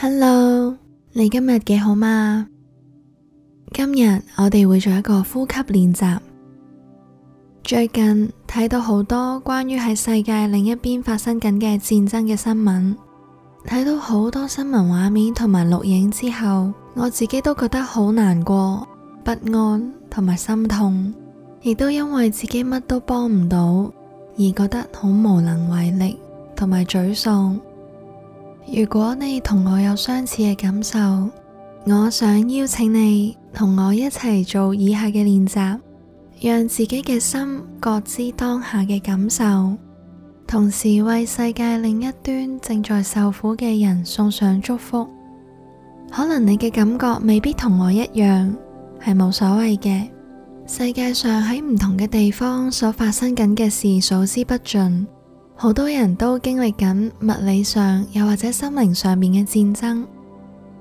Hello，你今日幾好嘛？今日我哋會做一個呼吸練習。最近睇到好多關於喺世界另一邊發生緊嘅戰爭嘅新聞，睇到好多新聞畫面同埋錄影之後，我自己都覺得好難過、不安同埋心痛，亦都因為自己乜都幫唔到而覺得好無能為力同埋沮喪。如果你同我有相似嘅感受，我想邀請你同我一齊做以下嘅練習，讓自己嘅心覺知當下嘅感受，同時為世界另一端正在受苦嘅人送上祝福。可能你嘅感覺未必同我一樣，係冇所謂嘅。世界上喺唔同嘅地方所發生緊嘅事，數之不盡。好多人都經歷緊物理上又或者心靈上面嘅戰爭，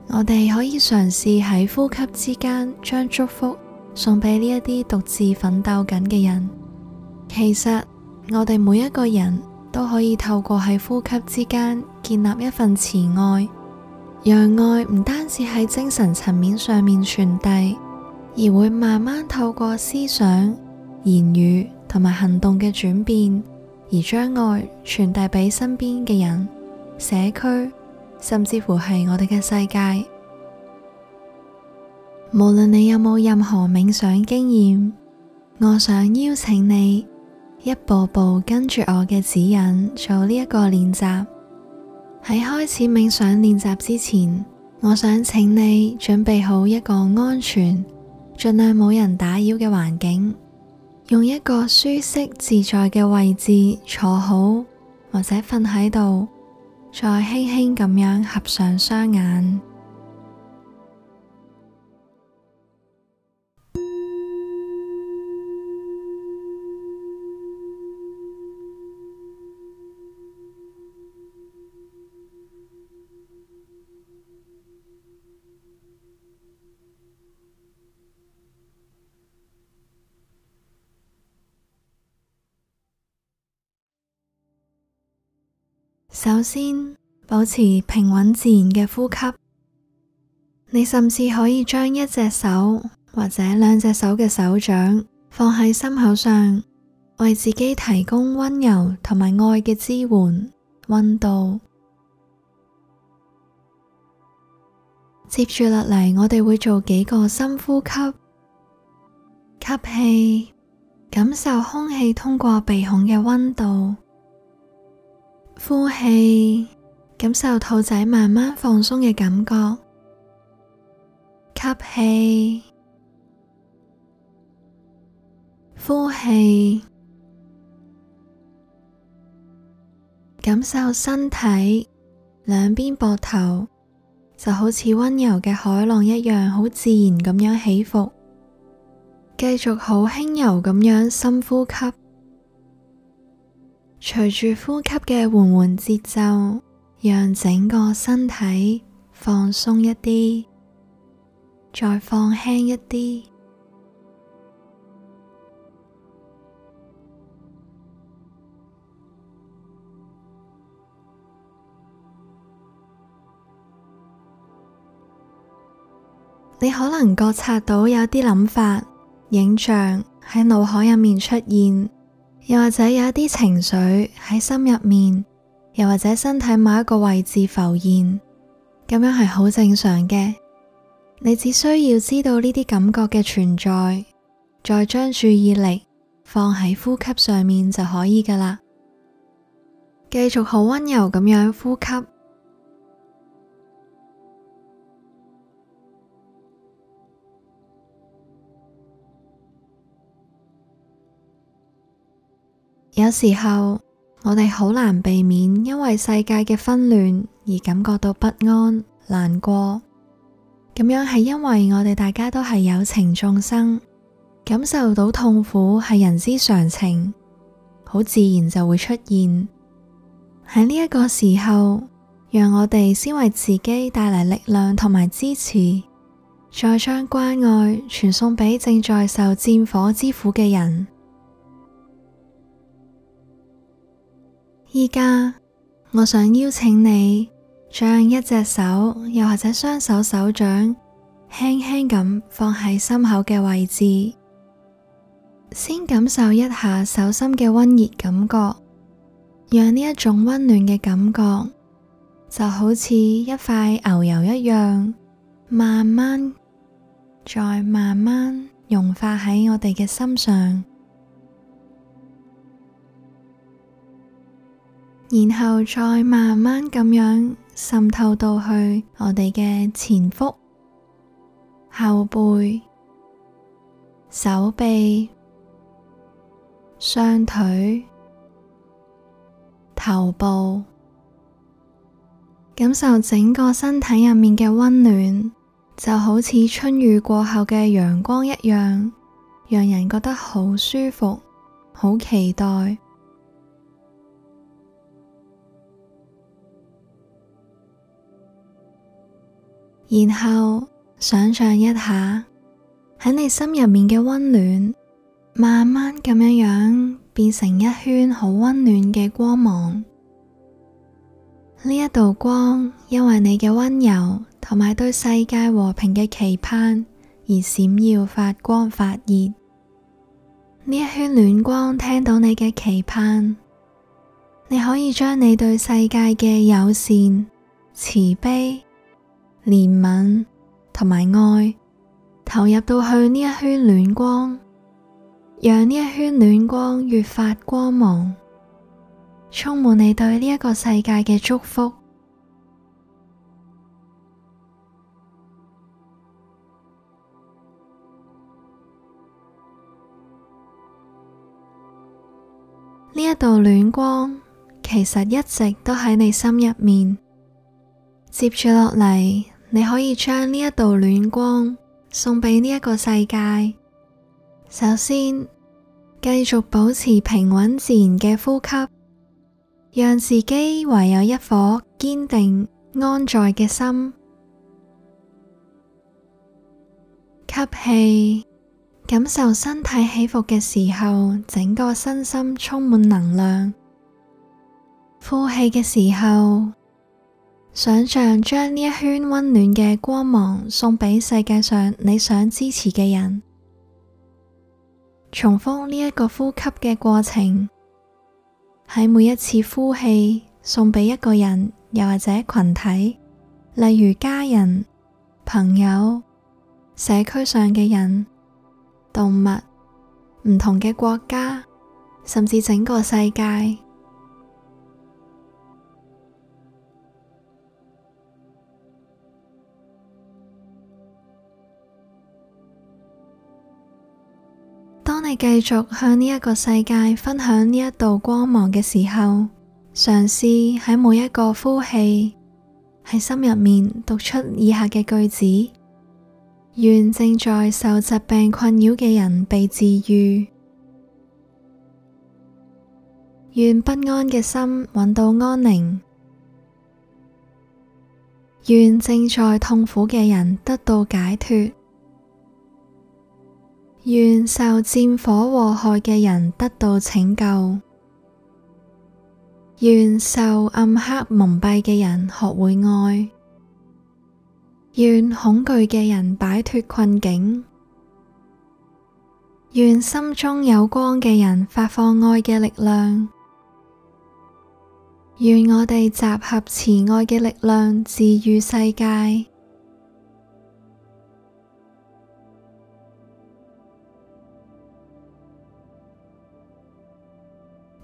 我哋可以嘗試喺呼吸之間將祝福送俾呢一啲獨自奮鬥緊嘅人。其實我哋每一個人都可以透過喺呼吸之間建立一份慈愛，讓愛唔單止喺精神層面上面傳遞，而會慢慢透過思想、言語同埋行動嘅轉變。而將愛傳遞畀身邊嘅人、社區，甚至乎係我哋嘅世界。無論你有冇任何冥想經驗，我想邀請你一步步跟住我嘅指引做呢一個練習。喺開始冥想練習之前，我想請你準備好一個安全、盡量冇人打擾嘅環境。用一個舒適自在嘅位置坐好，或者瞓喺度，再輕輕咁樣合上雙眼。首先，保持平穩自然嘅呼吸。你甚至可以將一隻手或者兩隻手嘅手掌放喺心口上，為自己提供温柔同埋愛嘅支援、温度。接住落嚟，我哋會做幾個深呼吸，吸氣，感受空氣通過鼻孔嘅温度。呼氣，感受肚仔慢慢放鬆嘅感覺。吸氣，呼氣，感受身體兩邊膊頭就好似温柔嘅海浪一樣，好自然咁樣起伏。繼續好輕柔咁樣深呼吸。隨住呼吸嘅緩緩節奏，讓整個身體放鬆一啲，再放輕一啲。 你可能覺察到有啲諗法、影像喺腦海入面出現。又或者有一啲情緒喺心入面，又或者身體某一個位置浮現，咁樣係好正常嘅。你只需要知道呢啲感覺嘅存在，再將注意力放喺呼吸上面就可以噶啦。繼續好溫柔咁樣呼吸。有時候我哋好難避免，因為世界嘅紛亂而感覺到不安、難過。咁樣係因為我哋大家都係有情眾生，感受到痛苦係人之常情，好自然就會出現。喺呢一個時候，讓我哋先為自己帶嚟力量同埋支持，再將關愛傳送俾正在受戰火之苦嘅人。依家，我想邀請你將一隻手，又或者雙手手掌，輕輕咁放喺心口嘅位置，先感受一下手心嘅溫熱感覺，讓呢一種溫暖嘅感覺，就好似一塊牛油一樣，慢慢再慢慢融化喺我哋嘅心上。然後再慢慢咁樣滲透到去我哋嘅前腹、後背、手臂、雙腿、頭部，感受整個身體入面嘅溫暖，就好似春雨過後嘅陽光一樣，讓人覺得好舒服、好期待。然後想象一下，喺你心入面嘅溫暖，慢慢咁樣樣變成一圈好溫暖嘅光芒。呢一道光，因為你嘅温柔同埋對世界和平嘅期盼而閃耀發光發熱。呢一圈暖光聽到你嘅期盼，你可以將你對世界嘅友善、慈悲。憐憫同埋愛投入到去呢一圈暖光，讓呢一圈暖光越發光芒，充滿你對呢一個世界嘅祝福。呢一道暖光其實一直都喺你心入面，接住落嚟。你可以將呢一道暖光送俾呢一個世界。首先，繼續保持平穩自然嘅呼吸，讓自己唯有一顆堅定安在嘅心。吸氣，感受身體起伏嘅時候，整個身心充滿能量。呼氣嘅時候。想象將呢一圈温暖嘅光芒送俾世界上你想支持嘅人，重複呢一個呼吸嘅過程，喺每一次呼氣，送俾一個人，又或者群體，例如家人、朋友、社區上嘅人、動物、唔同嘅國家，甚至整個世界。繼續向呢一個世界分享呢一度光芒嘅時候，嘗試喺每一個呼氣喺心入面讀出以下嘅句子：願正在受疾病困擾嘅人被治癒；願不安嘅心揾到安寧；願正在痛苦嘅人得到解脫。願受戰火禍害嘅人得到拯救，願受暗黑蒙蔽嘅人學會愛，願恐懼嘅人擺脫困境，願心中有光嘅人發放愛嘅力量，願我哋集合慈愛嘅力量治愈世界。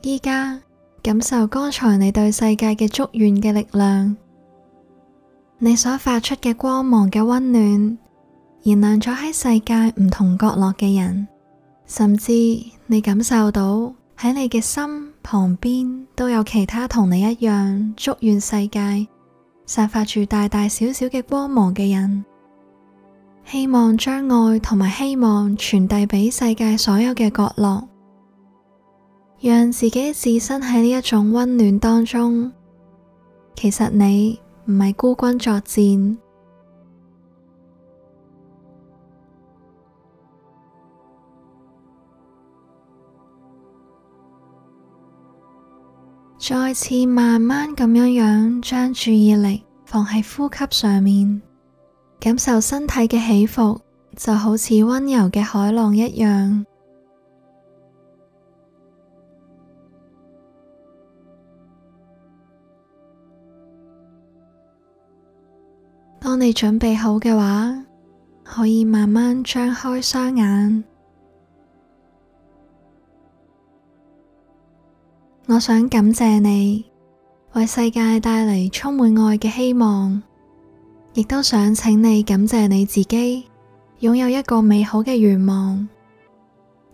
依家感受剛才你對世界嘅祝願嘅力量，你所發出嘅光芒嘅溫暖，燃亮咗喺世界唔同角落嘅人，甚至你感受到喺你嘅心旁邊都有其他同你一樣祝願世界、散發住大大小小嘅光芒嘅人，希望將愛同埋希望傳遞俾世界所有嘅角落。讓自己置身喺呢一種溫暖當中，其實你唔係孤軍作戰。 再次慢慢咁樣樣，將注意力放喺呼吸上面，感受身體嘅起伏，就好似溫柔嘅海浪一樣。當你準備好嘅話，可以慢慢張開雙眼。我想感謝你，為世界帶嚟充滿愛嘅希望，亦都想請你感謝你自己，擁有一個美好嘅願望。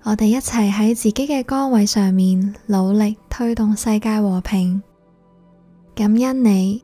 我哋一齊喺自己嘅崗位上面努力推動世界和平，感恩你。